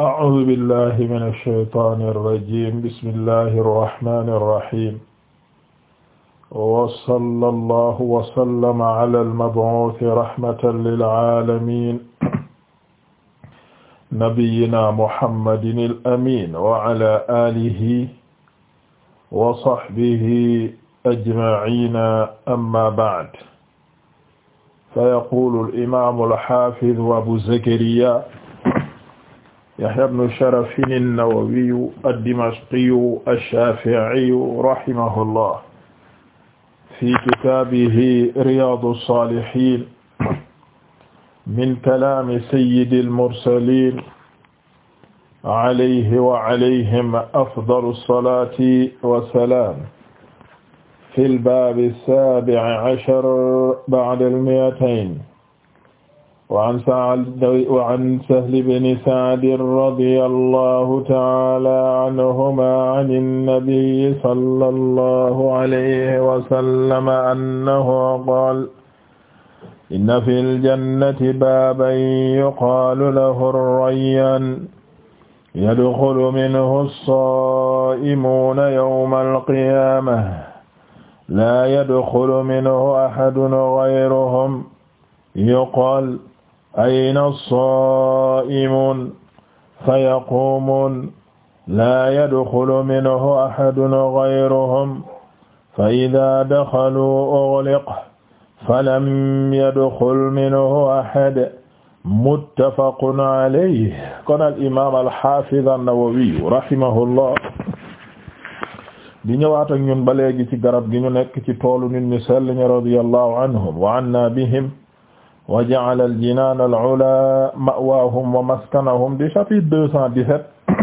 أعوذ بالله من الشيطان الرجيم بسم الله الرحمن الرحيم وصلى الله وسلم على المبعوث رحمة للعالمين نبينا محمد الأمين وعلى آله وصحبه أجمعين أما بعد فيقول الإمام الحافظ أبو زكريا Yahya ibnu Sharafin an-Nawawiyu ad-Dimashqiyu ash-Shaafi'iyu rahimahullah fi kitaabihi Riyaadu s-Saalihiin min kalaami sayyidil mursaliin alayhi wa alayhim afdalu s-salaati wa s-salaam fil baabi s-saabi'i ashar ba'da l-mi'atayn waan Sa'd waan Sahl ibn Sa'd radiyallahu ta'ala anhuma an an-nabiy sallallahu alayhi wa sallam annahu qaala inna fil jannati baaban yuqaalu lahu ar-rayyaan yadxulu minhu as-saa'imuuna yawma al-qiyaamah laa yadxulu minhu ahadun ghayruhum yuqaalu ayna as-saa'imuun fa yaquumuun laa yadxulu minhu ahadun ghayruhum fa idaa daxaluu ughliqa falam yadxul minhu ahad muttafaqun alayhi kon al imaam al haafiz an-Nawawi rahimahullah di ñëwaat ak ñun ba léegi ci garab gi ñu nekk ci toolu nit ñu sell ñi radiyallahu anhum wa anna bihim wa ja'ala al-jinaan al-'ulaa ma'waahum wa maskanahum di chapitre deux cent dix-sept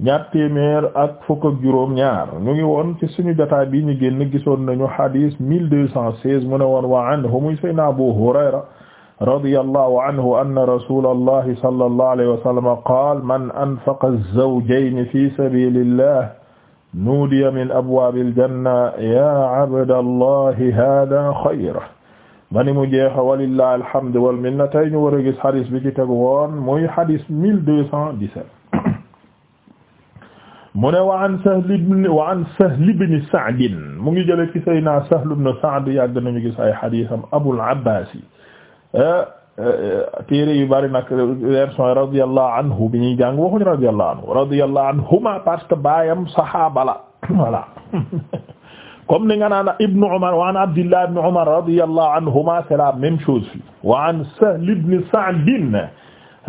ñaar téeméer ak fukk ak juróom ñaar ñu ngi woon ci suñu jotaay bi ñu génn gisoon nañu xadiis mille deux cent seize mu ne woon wa anhu muy sayna Abu Hurayra radiyallahu anhu anna rasulallahi sallallahu alayhi wa sallam qaala man anfaqa az-zawjayni fi sabilillah nuudiya min abwaabil janna ya abdallahi haadaa xayr mani mu jeexa walillahi alhamdu wal minna tay ñu war a gis xadis bi ci tegu woon muy xadis mille deux cent dix-sept mu ne wa an Sahl ibn wa an Sahl ibn Sa'd mu ngi jële ci Seydina Sahl ibn Sa'd yàgg nañu gis ay xadisam Abul Abbaas yi eh, eh, téere yu bari nag version radiyallahu anhu bi ñuy jàng waxuñu radiyallahu anhu radiyallahu anhuma parce que baayam saxaaba la voilà comme ni nga naan ibnu Umar wa an Abdillah ibn Umar radiyallahu anhuma c'est la même chose fii wa an Sahl ibn Sa'd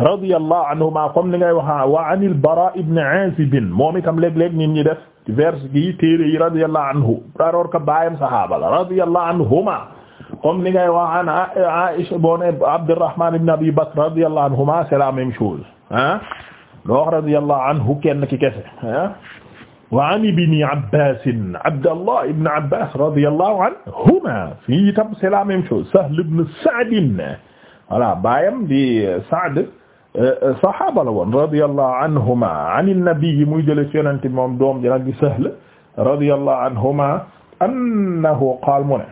radiyallahu anhuma comme ni ngay waxa wa an al-Bara ibn Azib moom itam léeg-léeg ñun ñi def vers yi téere yi radiyallahu anhu alors que baayam sahaaba la radiyallahu anhuma comme ni ngay wax an Aïcha bon Abdurrahman ibn Abi Bakr radiyallahu anhuma c'est la même chose ah loo wax radiyallahu anhu kenn ki kese ah wa an ibni Abbas Abdallah ibn Abbas radiyallahu anhuma fii itam c'est la même chose Sahl ibn Sa'd voilà baayam di Sa'd euh, euh, sahaaba la woon radiyallahu anhuma an an-nabi muy jële ci yonente bi moom doom ji nag di Sahl radiyallahu anhuma annahu qaala mu ne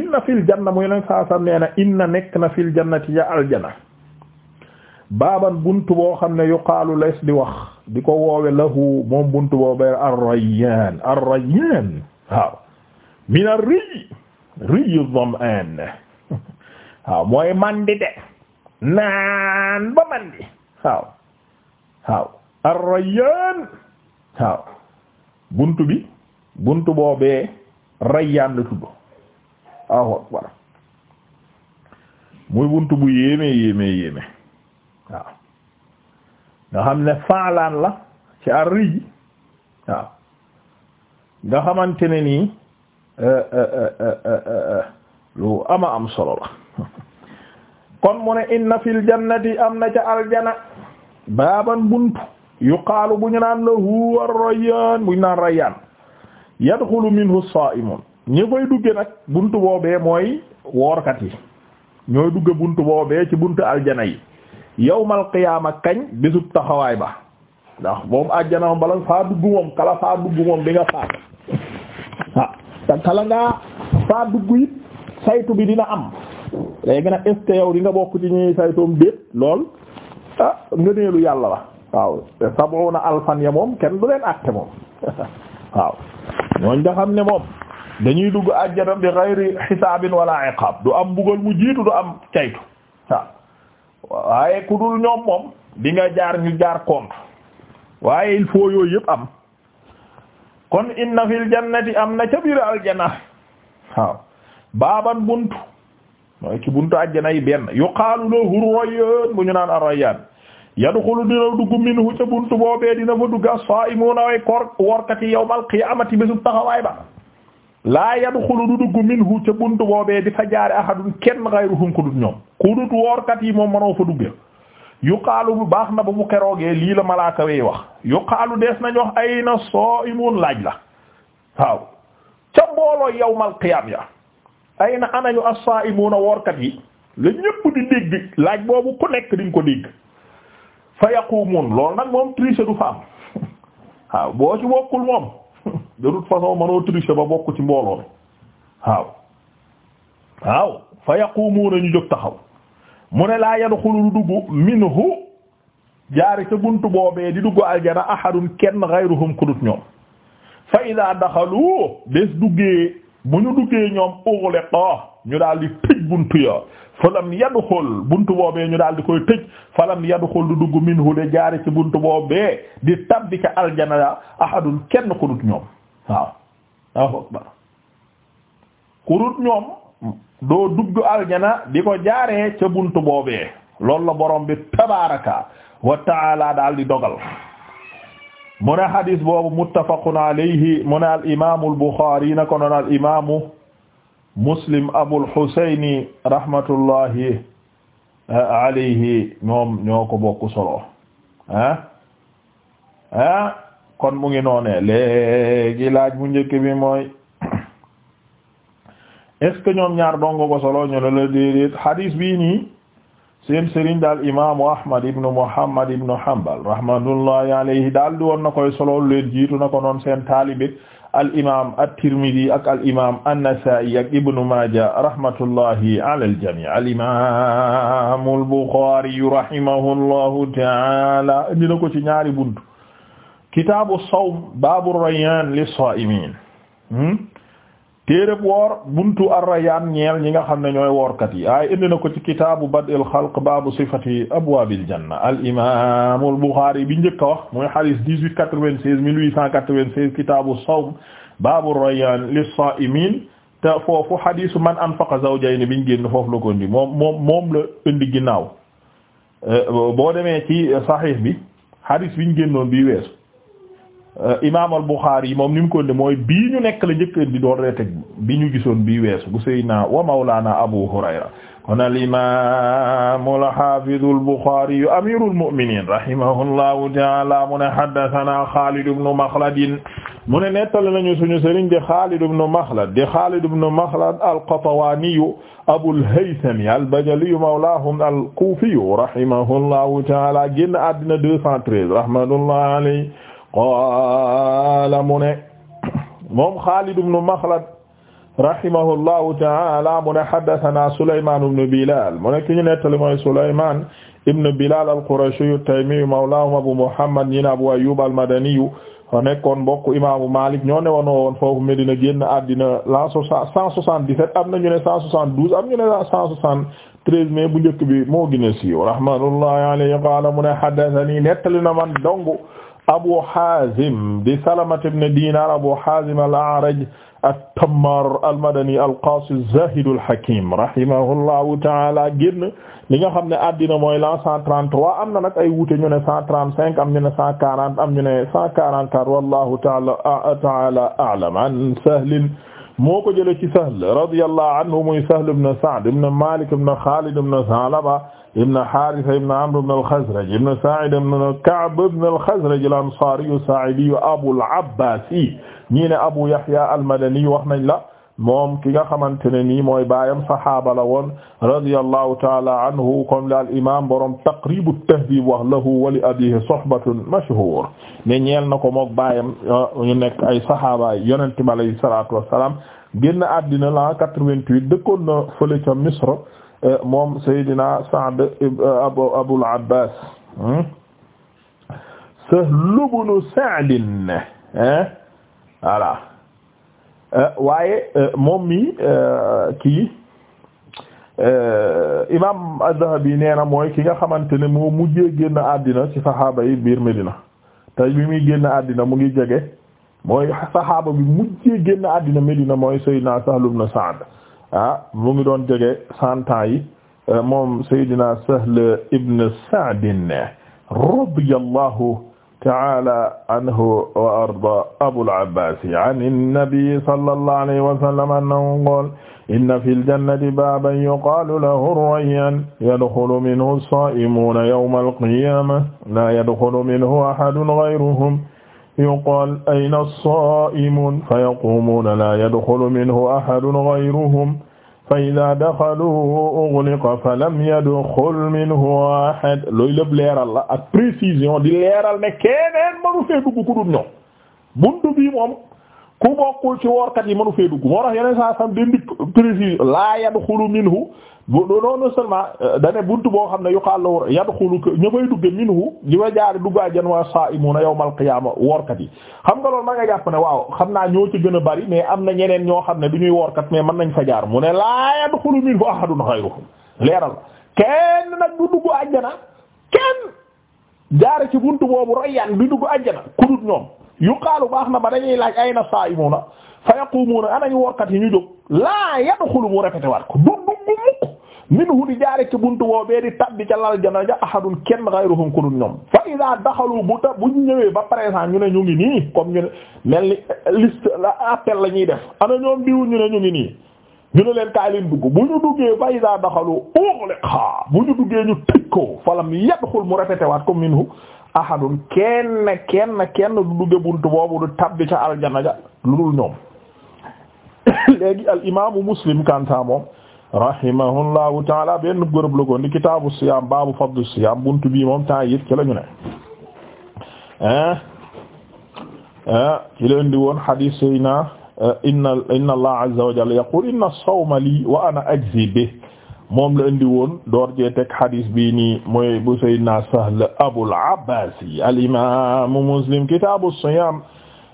inna fil janna muy leen saa sam nee na inna nekk na fil jannati ya aljana baaban buntu boo xam ne yuqaalu lees di wax di ko woowe lahu moom buntu boobee ar-Rayyan ar min ar-riy riy ad-dam'an waaw mooy mandi de naan ba mandi waaw waaw ar-Rayyan waaw buntu bi buntu boobee Rayyan la tudd muy buntu bu yéeme yéeme yéeme nga xam ne faalaan la ci ar waaw nga xamante ne nii eh, eh, eh, lu ama am solo la kon mu ne inna fil am na ca aljana baaban buntu yuqaalu bu ñu naan la huwa ar-rayyaan bu ñu naan rayyaan yadxulu minhu as-saa'imuun ñi koy dugge nag buntu boobee mooy woorkat yi ñooy dugge bunt boobee ci buntu aljana yi yawmal qiyaama kañ bésub taxawaay ba ndax moom àjjana moom bala faa dugg moom kala faa dugg moom bi ah, faa dugg it saytu bi dina am léegi nag est ce que yow di nga bokk ñuy saytoom déet lool ah ngëneelu yàlla la waaw te sab'una alfan ya moom kenn du leen àtte moom waaw ñooñ nga ne moom dañuy dugg àjjana bi ghayri hisaabin wala iqaab du am mbugal mu jiitu du am caytu waaye ku dul ñoom moom dinga jaar ñu jaar compte waaye il faut yooyu yëpp am kon inna fil jannati am na ca biir aljanna waaw baaban buntu mooy ci buntu aljanna yi benn yuqaalu lahu rayyan bu ñu naan ar-rayyan yadxulu dina dugg minhu ca buntu boobee dina fa dugg as-saa'imuuna way koor workati yawmal qiyaamati bésub taxawaay ba laa yadxulu du dugg minhu ca buntu boobee di fa jaare ahadun kenn ghayruhum ku dut ñoom ku dut woorkat yi moom mënoo fa duggee yuqaalu bu baax na ba mu keroogee lii la malaaka wey wax yuqaalu dees nañ wax ay ayna sa'imun laaj la waaw ca mbooloo yawmal qiyaam ya ayna anañu as-sa'imuna woorkat yi la ñépp di dégg laaj boobu ku nekk diñ ko dégg fa yaqumun loolu nag moom triche du fa am waaw boo ci bokkul moom de toute façon mënoo tricher ba bokk ci mbooloo mi waaw waaw fa yaqumuuna ñu jóg taxaw mu ne laa yadxulu dugg minhu jaari ca buntu boobee di dugg aljana ahadun kenn ghayruhum kudut ñoom fa idaa daxalu bés duggee bu ñu duggee ñoom ughliqa ñu daal di tëj buntu ya falam yadxul buntu boobee ñu daal di koy tëj falam yadxul du dugg minhu de jaari ci buntu boobee di tabbi ca aljana ahadun kenn kudut ñoom waaw Allahu akbar kurut ñoom doo dugg aljana di ko jaaree ca buntu boobee loolu la borom bi tabaraka wa taala daal di dogal mu ne hadis boobu muttafaqun alayhi mu ne al na ko noon al Muslim Abul Husayni rahmatullahi alayhi ñoom ñoo ko bokk solo ah ah kon mu ngi noonee laaj bu njëkk bi mooy est ñoom ñaar dongo ko solo ñu ne la déedéet hadis bii seen sëriñ daal imaamu Ahmad ibn Muhammad ibn Hanbal rahmatullahi alayhi daal di woon na solo leen jiitu na ko noon seen taalibe al imaam at-Tirmidhi ak al imaam an-Nasa'i ak Ibn Maaja rahmatullahi ala al al imaam al-Bukhari rahimahullahu ta'ala indi na ci ñaari buntu. kitaabu sawm baabu rayaan lis-saa'imiin hmm? téereb woor buntu ar-rayaan ñeel ñi nga xam ne ñooy woorkat yi ay indi na ko ci kitaabu bad'il xalq baabu sifati abwaabil janna al imaam al buxaari bi njëkk wax mooy xadis 18 96 1896 kitaabu sawm baabu rayaan lis-saa'imiin te foofu xadisu man anfaqa bi ñu génn foofu la ko indi moom moom moom la indi ginnaaw eh, boo demee ci saxiix bi xadis ñu génnoon bii weesu. Euh, imaam al Buxaari yi moom ni mu ko indi mooy bii ñu nekk la njëkk di doon reeteg bi ñu gisoon bii weesu bu Seydina wa Mawlaana Abu Hurayra kon al imaam al haafiz al Buxaari amiirul mu'miniin rahimahullahu ta'aala mu ne haddasanaa Xaalid ibnu Maxlad mu ne nettali nañu suñu sëriñ di Xaalid ibnu Maxlad di Xaalid ibnu Maxlad al-Qatawaani Abul Haythami al-Bajali mawlaahum al-Kuufi rahimahullahu ta'aala génn àddina 213 rahmatullahi alayhi qaala mu ne moom Xaalid ibnu Maxlad rahimahullahu ta'ala mu ne haddasanaa Sulaymaan ibnu Bilaal mu ne ki ñu nettali mooy Sulaymaan ibnu Bilaal al-Qurashiyu at-Taymiyu mawlaahum Abu Muhammad ñi ne Abu Ayyuub al-Madaniyu nekkoon mbokk imaamu Maalik ñoo ne woon woon foofu Medina génn àddina la cent soixante-dix-sept am na ñu ne cent soixante-douze am ñu ne cent soixante-treize mais bu njëkk bi moo gën a siiw rahmatullahi alayhi qaala mu ne haddathanii nettali na man dong Abu Hazim di Salamata ibn Dinar Abu Hazim al-A'raj at-Tammar al-Madani al-Qaasi az-Zaahid al-Hakiim rahimahullahu ta'ala génn li nga xam ne addina mooy l'an 133 am na nag ay wuute ñu ne 135 am ñu ne 140 am ñu ne 144 wallahu ta'ala ta'ala a'lam an Sahl moo ko jëlee ci Sahl radiyallahu anhu muy Sahl ibn Sa'd ibn Maalik ibn Xaalid ibn Sa'laba ibn Haarisa ibn Amr ibn al-Khazraj ibn Saa'id ibn Ka'b ibn al-Khazraj al-Ansaari as-Saa'idi Abul Abbaas ñii ne Abu Yahya al-Madani wax nañ la moom ki nga xamante ne nii mooy baayam saxaaba la woon radiyallahu ta'ala anhu comme la al-imaam borom Taqrib at-Tahdhib wax lahu wa li abiihi suhbatun mashhuur ne ñeel na ko mook baayam ah, ñu nekk ay saxaaba yonent bi alayhi salaatu wa salaam génn àddina la 88 dëkkoon na fële ca Misr moom Seydina Sa'd abu Abul Abbas hmm? Sahl ibn Sa'd eh? voilà eh, waaye eh, moom mi kii imam Az-Zahabi nee na mooy ki nga xamante ne moo mujjee génn àddina ci saxaaba yi biir Medina te bi muy génn àddina mu ngi jege mooy saxaaba bi mujjee génn àddina Medina mooy Seydina Sahl ibn Sa'd ah mu ngi doon jege cent ans yi eh, moom Seydina Sahl ibn Sa'd radiyallahu ta'ala anhu wa arda Abul Abbas an an-nabi sallallahu alayhi wa sallam annahu qala inna fil jannati baaban yuqalu lahu ar-rayyan yadkhulu minhu as-sa'imuna yawma al-qiyamah la yadkhulu minhu ahadun ghayruhum yuqaal ayna as-saa'imuun fa yaquumuuna laa yadxulu minhu ahadun ghayruhum fa idaa daxaluu ughliqa fa lam yadxul minhu ahad looy lépp leeral la ak précision di leeral ne keneen mënu fee dugg ku dul ñoom buntu bi moom ku bokkul ci woorkat yi mënu fee dugg moo tax yeneen saa sam den dik précis laa yadxulu minhu non seulement euh, dane bunt boo xam ne yuqaal la wor yadxulu ña fay dugge minhu li ma jaari dugg àjjan wa saa'imuna yi xam nga loolu ma nga waaw xam naa ñoo ci gën a bari mais am na ñeneen ñoo xam ne du ñuy woorkat mais mën nañ fa jaar mu ne laa yadxulu minhu ahadun ghayruhum leeral kenn nag du dugg àjjana kenn jaare ci bunt boobu rayyan du dugg àjjana ku dul ñoom yu xaalu baax na ba dañuy laaj ay na saa'imuna fa yaqumuuna anañu workat yi ñu jóg laa yadxulu mu répété waat ko du du bu mukk di jaare ci woo bee di tabbi ca lal jana ja kenn ghayruhum ku dul ñoom fa idaa bu ta bu ñu ñëwee ba présent ñu ne ñu ngi nii comme ñu ne ni eh, liste la appel la ñuy def ana ñoom diwu ñu ñu ngi nii ñu ne leen kaay leen dugg bu ñu duggee fa idaa daxalu ughliqa bu ñu duggee ñu tëj ko falam yadxul mu répété waat ko minhu ahadun kenn kenn kenn du dugge buntu boobu du tabbi ca aljana ja lu dul ñoom léegi al imaamu muslim kanta moom rahimahullahu taala benn gërëb la ko ni kitaabu siyaam baabu fadlu siyaam buntu bii moom temps yit ci la ñu ne ci leen di woon hadith sayna euh, inna inna allah azza wa yaqul inna as-sawma li ajzi bihi moom la indi woon door jee teg hadis bii nii mooy bu sayyidina Sahl Abul Abbaas al-Imaam Muslim kitaabu siyaam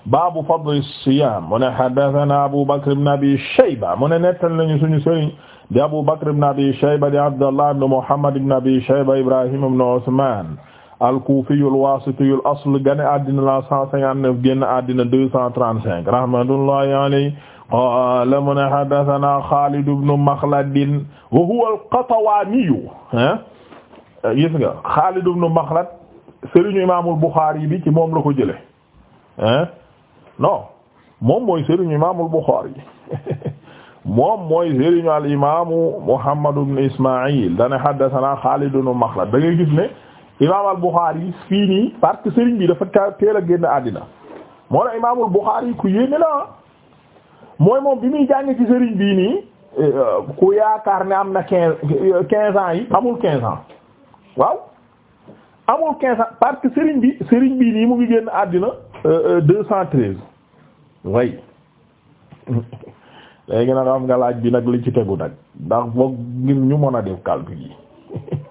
baabu fadli siyaam mu ne haddasanaa Abu Bakr ibn Abi Shayba mu ne nettal nañu suñu sëriñ di Abu Bakr ibn Abi Shayba di Abdallah ibn Muhammad ibn Abi Shayba Ibrahim ibn Usmaan al-Kuufi al-Waasiti al-asl gane àddina la 159 génn àddina 235 rahmatullahi alayhi qaala mu ne haddasanaa Xaalid ibnu Maxladin wa huwa al-Qatawaaniyu gis nga Xaalid ibnu Maxlad sëriñu imaamul Buxaari bi ci moom la ko jële non moom mooy sëriñu imaamul Buxaari moom mooy sëriñu al imaamu Muhammad ibnu Ismaayil dana haddasanaa Xaalid ibnu Maxlad da ngay gis ne imaamul Buxaari fii nii parce que bi dafa teel a génn àddina moo la ku yéeme la mooy moom bi muy jàng ci sëriñ bii nii euh, ku yaakaar ne am na quinze quinze ans yi amul quinze ans waaw amul quinze ans parce que sëriñ bi sëriñ bii nii mu ngi génn àddina euh, deux cent treize way léegi nag xam nga laaj bi nag li ci tegu nag ndax boog ngir ñu mën a def calcul yi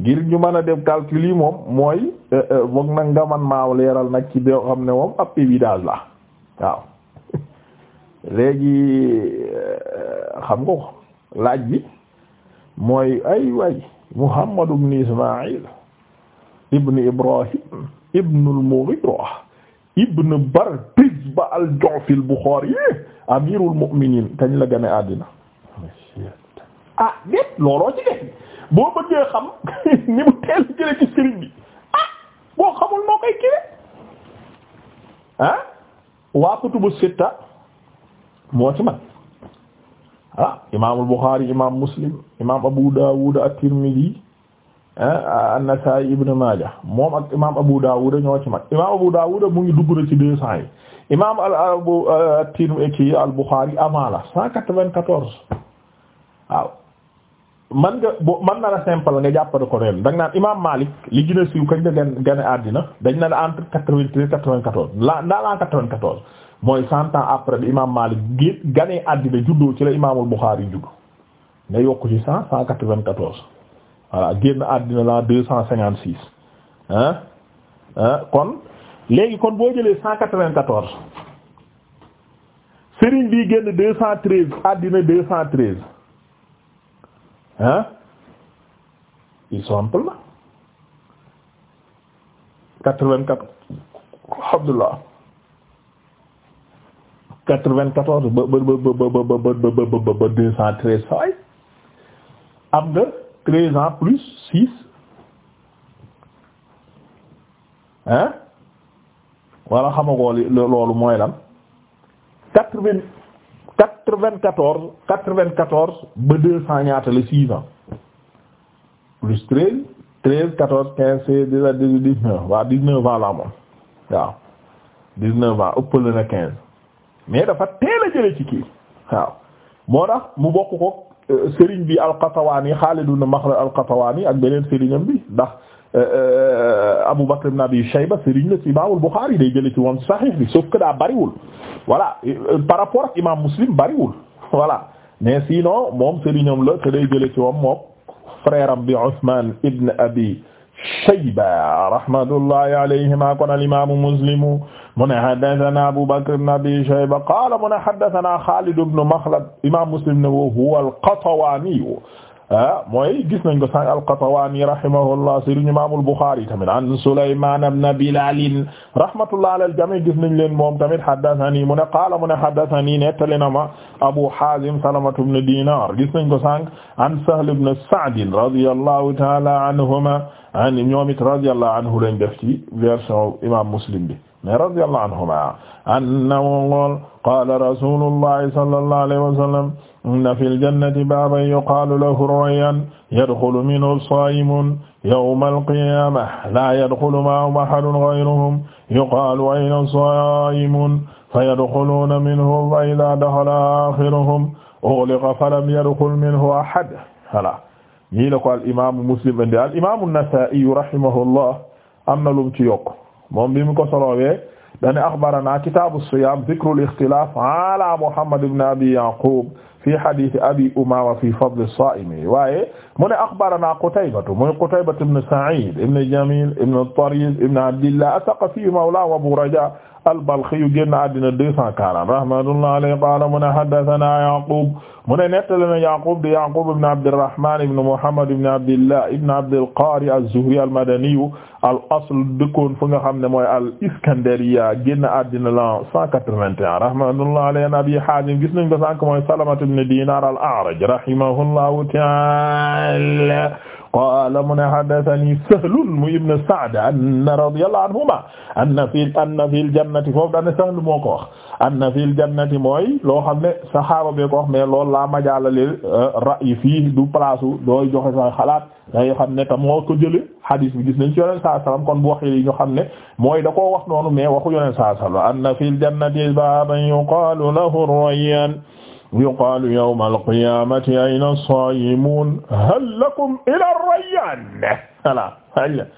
ngir ñu mën a def calcul yi moom mooy boog euh, nag nga man maaw leeral nag ci boo xam ne moom ab évidence la waaw léegi euh, xam nga laaj bi mooy ay way Muhammad ibn Ismaïl ibn Ibrahim ibn al-Mughira ibn Bardizbah al-Ju'fi al-Bukhari amirul mu'minin kañ la gane àddina ah déet looloo ci def boo bëggee xam ni mu teel jële ci sëriñ bi ah boo xamul noo koy kire ah waa kutubu sitta moo ci mag ah imaamul Bukhari imaam Muslim imaam Abu Dawud at-Tirmidhi ah, an-Nasa'i Ibn Maaja moom ak imaam Abu Dawud ñoo ci mag imaam Abu Dawud mu ngi dugg ci deux cent yi imaam al abu at-Tirmidhi eh, eh, al-Bukhari avant la cent quatre-vingt-quatorze waaw man nga bo man na la simple nga jàppale ko ren da nga naan imaam Malik li gën a siiw kañ la gane àddina dañ na la entre quatre-vingt-treize quatorze la dans l'an quatre-vingt-quatorze mooy cent ans après bi imaam Maalik gi ganee àddina juddoo ci la imaamul Buxaari juddu nga yokku ci cent cent quatre-vingt-quatorze voilà génn àddina la deux cent cinquante-six hein hein kon léegi kon boo jëlee cent quatre-vingt-quatorze Serigne bi génn deux cent treize àddina deux cent treize hein il semble quatre-vingt-quatorze quatre-vingt-quatorze ba ba ba ba deux cent treize saway am nga treize ans plus six hein wala xamagoo li loolu mooy lan quatre-vingt quatre-vingt-quatorze quatre-vingt-quatorze ba deux cent ñaata la six ans plus treize treize quatorze quinze seize dix-sept dix dix-neuf waaw dix-neuf ans la amoon waaw dix-neuf ans ëpp na quinze mais dafa teel a jële ci moo tax mu bokk ko euh, bi al-Qatawaani Xaalid ibn Maxlad al-Qatawaani ak beneen sëriñam bi ndax euh, euh, Abu Bakr ibn Abi Shayba sëriñ la ci Imaamul Buxaari day jële ci moom Saxiix bi daa bariwul voilà par rapport Imaam Muslim bariwul voilà mais sinon moom sëriñam la te day jële ci moom moom frère am bi Usmaan ibn Shayba rahmatullahi alayhima kon al-Imaamu mu ne haddathana Abu Bakr ibn Abi Shayba qaala mu ne haddathana Khalid ibn Makhlad imam Muslim ne wa huwa al-Qatawaani ah mooy gis nañ ko sànq al-Qatawaani rahimahullah sëriñ imam al-Bukhari tamit an Sulaymaan ibn Bilaal rahmatullah ala al-jamii' gis nañ leen moom tamit haddathani mu ne qaala mu ne haddathani nettali na ma Abu Haazim Salamatu ibn Diinaar gis nañ ko sànq an Sahl ibn Sa'd radiyallahu ta'ala anhuma an ñoom it radiyallahu anhu lañ def ci version imam Muslim bi mais radiyallahu anhuma annahu qaala qaala rasulullahi sallallahu alayhi wa sallam inna fil jannati baaban yuqaalu lahu rayyan yadxulu minhu saa'imun yawmal qiyaamati laa yadxulu ma'ahu ahadun ghayruhum yuqaalu ayna saa'imun fayadxuluuna minhu fa izaa daxala aaxiruhum ughliqa falam yadxul minhu ahad voilà ñii la ko al imaamu Muslim indi al imaamu Nasaa'i rahimahullah am na lu mu ci yokk moom bi mu ko solowee dane axbarana kitaabu siyaam dikru al-ixtilaaf ala Muhammad ibn Abi Yaqub fi hadiisi Abi Umaama fi fadli as-saa'imi waaye mu ne axbarana Qutaybatu muy Qutaybatu ibn Sa'iid ibn Jamiil ibn Tariz ibn Abdillah as-Saqafi mawlaa Abu Rajaa al-Balkhi génn àddina 240 rahmatullahi alayhi qaala mu ne haddasanaa Yaqub mu ne nettali na Yaqub di Yaqub ibn Abdirrahmaan ibn Muhammad ibn Abdillah ibn Abdil Qaari az-Zuhri al-Madani al asl dëkkoon fu nga xam ne mooy al iskandariya génn àddina lan cent quatre-vingt-un rahmatullah alayhi abi hazim gis nañ ko sànk mooy salamat ibn dinar al a'raj rahimahullahu ta'ala qaala mu ne haddathani sahlun mu ibn sa'd anna radiyallahu anhuma anna fi anna fil jannati foofu dana sahl moo ko wax anna fil jannati mooy loo xam ne saxaaba bee ko wax mais loolu laa majaala lil euh, ra'yi fii du place dooy joxe sa xalaat day xam ne te moo ko jële hadis bi gis nañ ci yoneen saa sallam kon bu waxee li ñu xam ne mooy da koo wax noonu mais waxu yoneen saa sallam anna fil jannati baaban yuqaalu lahu ar-rayyan yuqaalu yawma al-qiyaamati ayna as-saa'imuun hal lakum ila ar-rayyan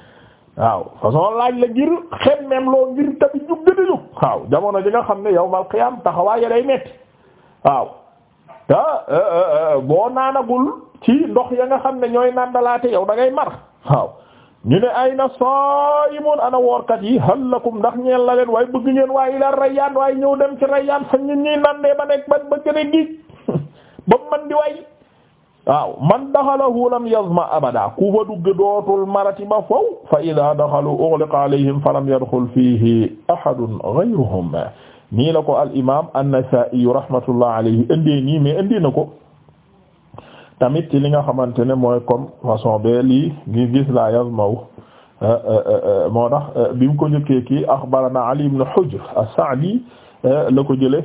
waaw façon laaj la ngir xem même loo ngir tamit ñu gën a jamono ji nga xam ne yawmal qiyaam taxawaay day metti waaw te euh, euh, euh, boo naanagul ci ndox ya nga xam ne ñooy nandalaate yow da ngay mar waaw ñu ne ay na saayimun ana woorkat yi hal lakum ndax ñeen la leen waaye bëgg ngeen waaye ila rayyaan waaye ñëw dem ci rayyaan fa ñun ñuy nandee ba nekk ba ba gën a giig ba man di way waaw man daxalahu lam yazma abada ku fa dugg dootul marati ba faw fa ida daxalu ughliqa alayhim fa lam yadxul fiihi ahadun ghayruhum nii la ko al imam an-Nasaa'i rahmatullah alayhi indee nii mais indi na ko tamit ci li nga xamante ne mooy comme façon be lii ngi gis la yazma wu eh, eh, eh, moo tax bi mu ko njëkkee kii axbarana Ali ibn Hujr as-Sa'di la ko jële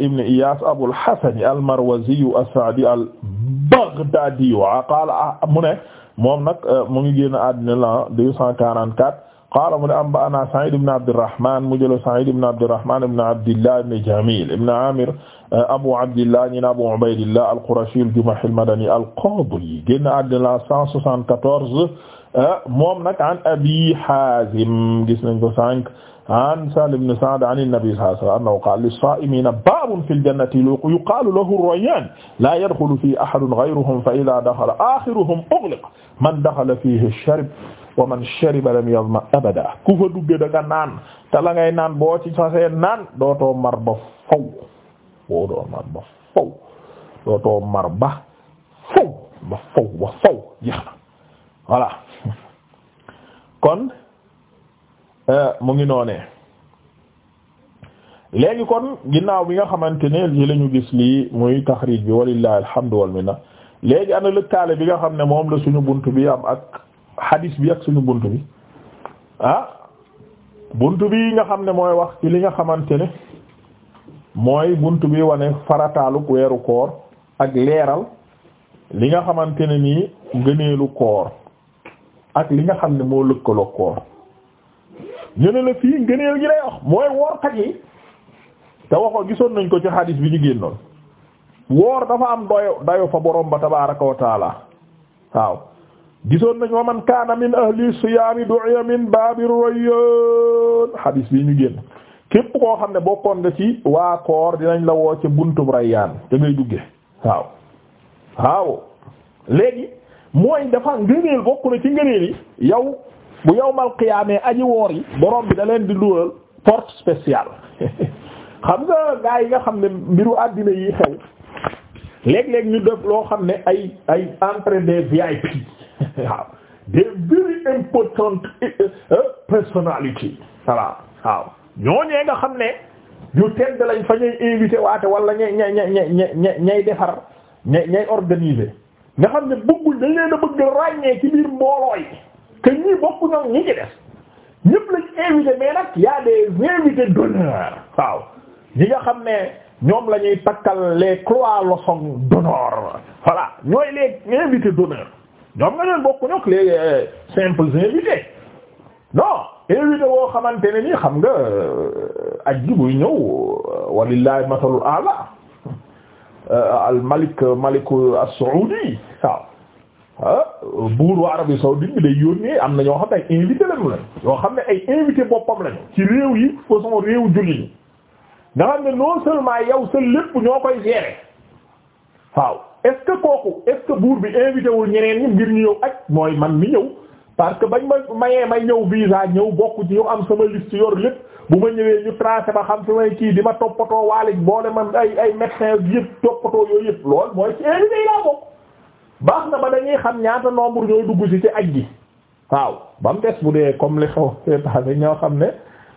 ibn Iyas Abul Hasan al-Marwazi as-Sa'di al al-Baghdadi wa qaala ah, mu ne moom nag euh, mu ngi génn àddina la 244 qaala mu ne anba'anaa Sa'iid ibn Abdirrahmaan mu jël Sa'iid ibn Abdirrahmaan ibn Abdillah ibn Jamiil ibn Aamir euh, Abu Abdillah ñi Abu Ubaydillah al-Qurashi al-Jumahi al-Madani al-Qaadi génn àddina la 174 euh, moom nag an Abi Haazim gis nañ ko sànq an Sahl ibn Sa'd an an-nabi sallallahu alayhi wa sallam annahu qaala lis-saa'imiina baabun fil jannati yuqaalu lahu ar-rayyaan laa yadxulu fiihi ahadun ghayruhum fa idhaa daxala aaxiruhum ughliqa man daxala fiihi shariba wa man shariba lam yazma abadan ku fa dugge da nga naan te la ngay naan boo ci fasee naan dootoo mar ba faw boo doo mar ba faw dootoo mar ba faw ba faw ba faw jeex na voilà kon Euh, mu ngi noonee léegi kon ginnaaw bi nga xamante ne li lañu gis lii muy taxrij bi walillahi alhamdu wal minna léegi ana lëkkaale bi nga xam ne moom la suñu bunt bi am ak hadis bi ak suñu bunt bi ah bunt bi nga xam ne mooy wax ci li nga xamante ne mooy bunt bi wane farataaluk weeru koor ak leeral li nga xamante ne nii ngëneelu koor ak li nga xam ne moo lëkkaloo koor ñu ne la fii ngëneel gi lay wax mooy woorkat yi te waxoo gisoon nañ ko ci xadiis bi ñu génnoon woor dafa am doyo dayo fa borom ba tabaaraka wa taala waaw gisoon nañ wa man kaana min ahli siyaami du'iya min baabir rayyaan xadiis bi ñu génn képp koo xam ne bokkoon nga ci waa koor dinañ la woo ci buntum rayyaan te ngay dugge waaw waaw léegi mooy dafa ngëneel bokk na ci ngëneel yi yow bu yawmal qiyaamee aji woor yi boroom bi da leen di luural porte spéciale xam nga gaa yi nga xam ne mbiru àddina yi xew léeg-léeg ñu def loo xam ne ay ay entrée des VIP waaw des very importantes eh, eh, personnalités voilà waaw ñooñee nga xam ne ñu tedd lañ fa ñuy invité waate wala ñay ñay ñay ñay ñay defar ñay ñay organiser nga xam ne bëgguñ dañ leen a bëgg ràññee ci biir mbooloo yi que ñii bokk ñoom ñi ci des ñëpp lañ invité mais nag y des invités d'honneur waaw ñi nga xam ne ñoom la ñuy takkal les croix loçon d'honneur voilà ñooy les invités d'honneur ñoom nga leen bokk ñook les euh, simples invités non invité woo xamante ne nii xam nga euh, ak gi ñëw euh, walillahi masalul ala al maliku as waaw ah buur waa Arabie saoudite bi day yónnee am na ñoo xam ne ay invité lañu lañ yoo xam ne ay invité boppam lañu ci réew yi façon réew julli ñi nga xam ne non seulement yow sa lépp ñoo koy gérer waaw est kooku est-ce buur bi invité wul ñeneen ñi ngir ñu ñëw ak mooy man mi ñëw parce que bañ ma mayee may ñëw visa ñëw bokk ci am sama liste yor lépp bu ma ñëwee ñu tracé ba xam fi may kii di ma toppatoo waalik boole man ay ay médecin yëpp toppatoo yooyu yëpp lool mooy ci invité baax na ba dañuy xam ñaata nombre ñooy dugg ci ci ak gi waaw ba mu des bu dee comme li xew passé ñoo xam ne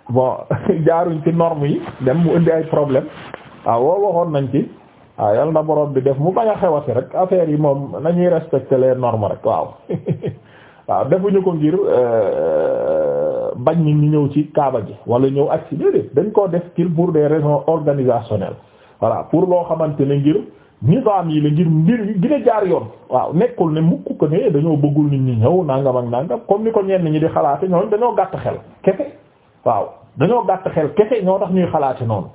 bon jaaruñ ci normes yi dem mu indi ay problème waaw woo waxoon nañ ci waaw yal na borom bi def mu bañ a xew xewati rek affaire yi moom nañuy respecter les normes rek waaw waaw defuñu ko ngir euh, bañ nit ñi ñëw ci kaaba gi wala ñëw ak ci déedéet dañ koo def ngir pour de raisons organisationnelles voilà pour loo xamante ngir am yii la ngir mbir yi gën a jaar yoon waaw nekkul ne mukk ko ne dañoo bëggul nit ñi ñëw nangam ak nangam comme ni ko ñenn ñi di xalaate ñooñu dañoo gàtt xel kese waaw dañoo gàtt xel kese ñoo tax ñuy xalaati noonu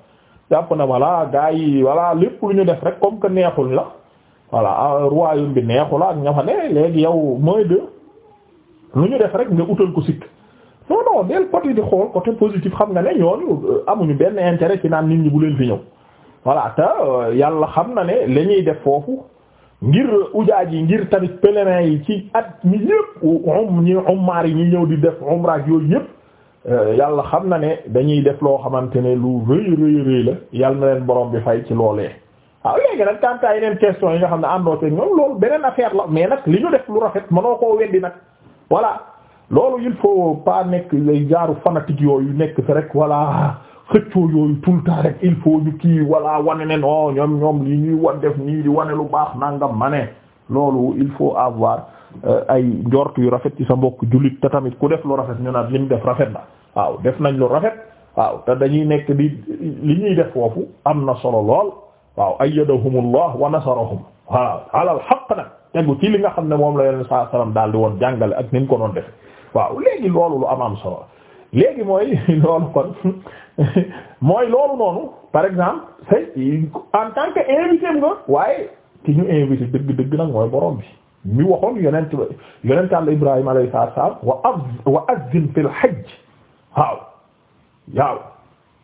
jàpp na voilà gars yi voilà lépp lu ñu def rek comme que neexul la voilà ah, royaume bi neexul ak ña léegi yow mooy de lu ñu def rek nga utal ko sikk non non del côté di xool côté positif xam nga ne ñooñu euh, amuñu benn intérêt ci naan nit ñi bu leen fi ñëw voilà te euh, yàlla xam na ne lañuy def foofu ngir ujaaj yi ngir tamit pèlerins yi ci at mi yëpp um ñi ummaar yi ñi ñëw di def umraak yooyu yëpp euh, yàlla xam na ne dañuy def loo xamante ne lu rëy rëy rëy la yàlla na leen borom bi fay ci loolee waaw léegi nag kantaa yeneen question yi nga xam ne àndoo te ñoom loolu beneen affaire la mais nag li ñu def lu rafet mënoo koo weddi nag voilà loolu il faut pas nekk jaaru fanatique yooyu nekk fi rek voilà xëccoo yooyu tout le temps rek il faut ñu kii walla wane ne non ñoom ñoom li ñuy wan def nii di wane lu baax nangam ma ne loolu il faut avoir euh, ay njort yu rafet ci sa mbokk julit te tamit ku def lu rafet ñu naan li def rafet na waaw def nañ lu rafet waaw te dañuy nekk di li ñuy def foofu am na solo lool waaw ayyadahumullah wa nasarahum waaw ala al haqq nag tegu ci li nga xam ne moom la yeneen saa salaam daal di woon jàngale ak ni ko doon defe waaw léegi loolu lu am solo léegi mooy loolu kon noonu par exemple c'est en nga waaye ki ñu invité dëgg dëgg nag mooy borom bi mi waxoon yonent yonent Yàlla Ibrahima alayhi salaam wa a wa azzin fil hajj waaw waaw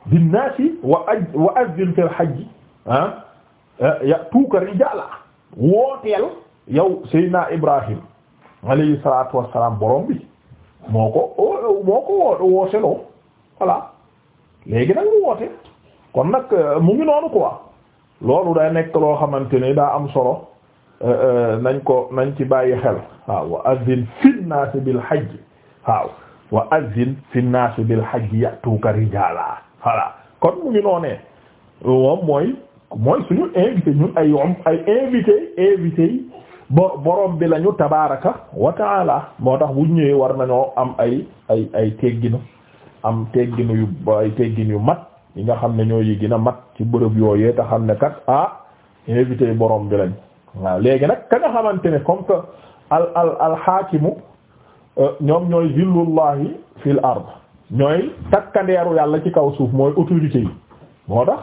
binnaasi wa wa azzin fil hajj ah eh, ya'tuuka rijaala wooteel yow Seydina Ibrahim alayhi salaatu wa salaam borom bi moo ko moo ko wooseloo voilà léegi nag mu woote kon nag euh, mu ngi noonu quoi loolu day nekk loo xamante ni daa am solo euh, euh, nañ ko nañ ci bàyyi xel waaw wa azin finnaasi bil hajj waaw wa azin finnaasi bil hajj yatuuka rijaala voilà kon mu ngi noonee moom mooy mooy suñu invité ñun ay ay invité invité bo borom bi lañu tabaaraka wa taala moo tax bu ñëwee war nañoo am ay ay ay tegginu am tegginu yu ay teggin yu mat yi nga xam ne ñoo yi a mat ci bërëb yooyee te xam ne kat ah invité borom bi lañ waaw léegi nag ka nga xamante ne comme que al al al xaakimu euh, ñoom ñooy zillullahi fil ard ñooy takkandeeru yàlla ci kaw suuf mooy autorité yi moo tax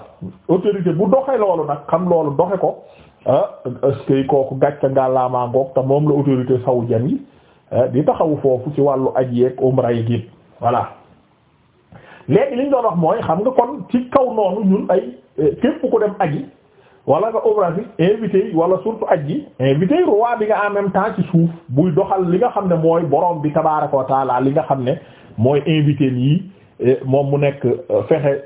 autorité bu doxe loolu nag xam loolu doxe ko ah est que kooku gàcce ngàllaamaa ngoog te moom la autorité saoudienne yi eh, di taxawu foofu ci wàllu aj yeeg umra yi gi voilà léegi li ñu doon mooy xam nga kon ci kaw noonu ñun ay eh, képp ku dem aji wala nga umra si invité yi wala surtout aji invité yi roi bi nga en même temps ci suuf buy doxal li nga xam ne mooy borom bi tabaaraka wa li nga xam ne mooy invité yi eh, moom mu nekk fexe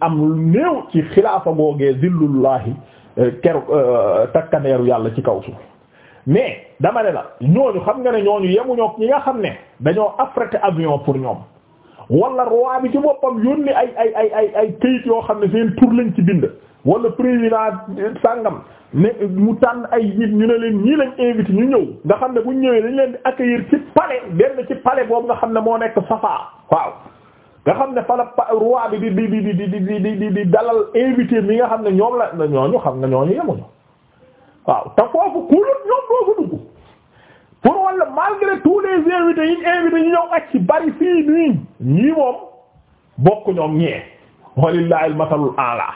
am néew ci xilaafa googee zillullahi keru euh, takkaneeru yàlla ci kaw suuf mais dama ne la ñooñu xam nga ne ñooñu yemuñoo ñi nga xam ne dañoo affrété avion pour ñoom wala roi bi ci boppam yónni ay ay ay ay ay kayit yoo xam ne seen tur lañ ci bind wala président sàngam ne mu tànn ay nit ñu ne leen ñii lañ invité ñu ñëw nga xam ne buñ ñëwee dañu leen di accueillir ci palais benn ci palais boobu nga xam ne moo nekk Safa waaw nga xam ne fa la roi bi di di di di di dalal invité mi nga xam ne ñoom la ñooñu xam nga ñooñu yemuñu waaw te foofu kulut ñoom doo fa dugg pour walla malgré tous les invités yi invité ñu ak ci bari fii nii ñii moom bokk ñoom ñee walillahi al masalul ala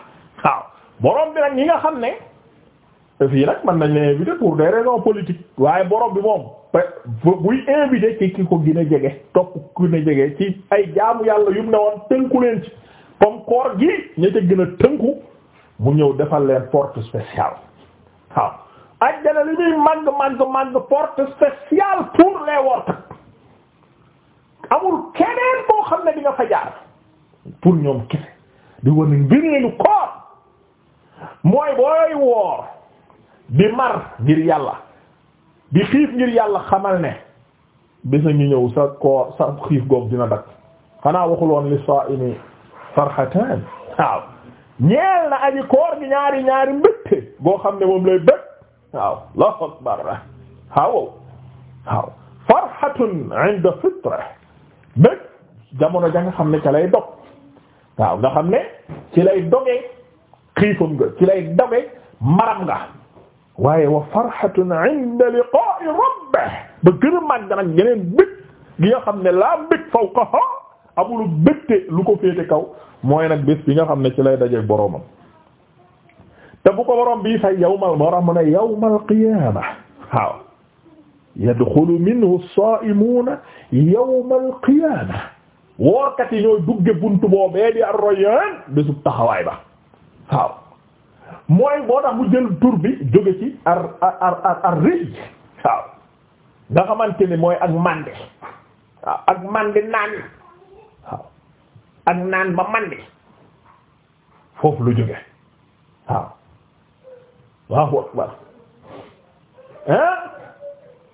waaw borom bi nag ñi nga xam ne. fii nag man nañ la pour des raisons politiques waaye borom bi moom buy invité ci ki ko gën a jege topp ku gën a jege ci ay jaamu yàlla yum ne woon tënku leen ci comme koor gi ña ca gën a tënku mu ñëw defal leen porte spéciale waaw ajjana li ñuy màgg màgg màgg porte spéciale pour les workat amul keneen boo xam ne di nga fa pour ñoom kese di wane ngëneelu koor mooy booy woor bi mar ngir yàlla bi xiif ngir yàlla xamal ne bisa ngi ñëw sa koor sa xiif goog dina dak xanaa waxuloon li saa'imi farxataan waaw ñeel na aji koor gi ñaari ñaari mbégte goo xam ne moom lay bég waaw Allahu akbar waaw waaw farhatun 'inda fitra bég jamono ja nga xam ne ca lay dog waaw nga xam ne ci lay dogee xiifam nga ci lay dogee maram nga waaye wa farhatun inda liqa'i rabbih ba gën a màgg nag geneen bég gi nga xam ne laa bég fawqaha amulu bégte lu ko féete kaw mooy nag bés bi nga xam ne ci lay dajeek boroomam te bu ko boroom bii fay yawmal moo tax mu ne yawmal qiyaama waaw buntu boobee di ar-rayyaan bésub taxawaay ba mooy boo tax mu jël tur bi jóge ci ar ar ar ar rëy waaw nga xamante ne mooy ak mande waaw ak mande naan waaw ak naan ba mande foofu lu jóge waaw waaw akbar hein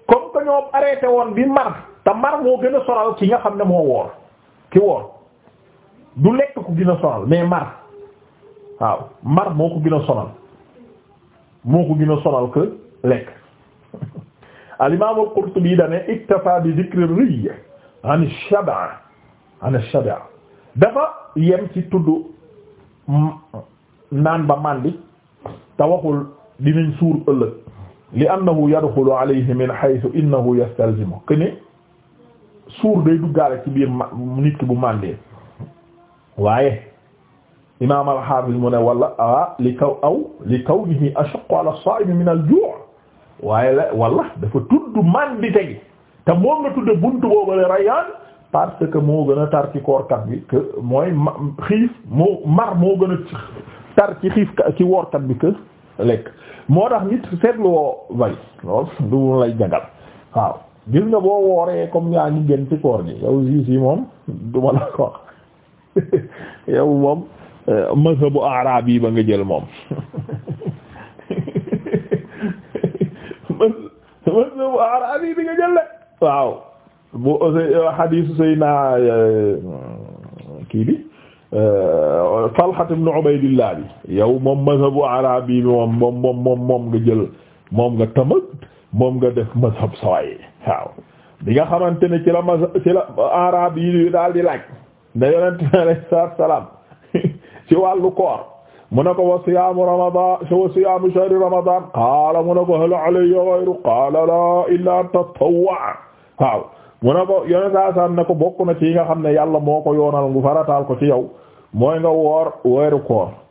comme que ñoo arrêté woon bi mar te mar moo gën a sonal ki nga xam ne moo woor ki woor du lekk ku gën a sonal mais mar waaw mar moo ko gën a sonal moo ko gën a sonal que lekk al imam al-Qurtubi dane iktafa bi dhikri riy an ash-shab' an ash-shab' dafa yem ci tudd naan ba màndi te waxul dinañ suur ëllëg li annahu yadxulu alayhi min haythu innahu yastalzimu kene suur day duggaale ci biir nit ki bu màndee waaye imaam al-Hafiz mu ne wala ah li kaw aw li kawnihi ashaqqu ala as-sa'im min al-ju' waaye la wala dafa tudd mandite gi te moom la tudde buntu boobale Rayyan parce que moo gën a tar ci koorkat bi que mooy xiif moo mar moo gën a tar ci xiif ci woorkat bi que lekk moo tax nit seetlu woo bay loolu du lay jagal waaw gis nga boo wooree comme yaa ngi gën ci koor gi yow si si moom duma la ko yow moom Euh, mazhabu arab yi ba nga jël moom mazhabu arab yi bi nga jël la waaw bu euh, euh, hadiisu sayna kii bi Talhat ibn Ubaydillah bi yow moom mazhabu arab yi bi moom moom moom moom moom nga jël moom nga tëmag moom nga def mazhab sawaye waaw bi nga xamante ne ci la mazhab ci la arab yi daal di laaj da yonent alayhi salaam ci wàllu koor mu ne ko wa siyaamu ramadan shahri ramadan qaala mu ko hal alayya ghayru qaala laa illaa tatawwa waaw mu ne ko yone saa san ne ko na ci yi nga xam ne yàlla moo ko yoonal ngu farataal ko ci yow mooy nga woor weeru koor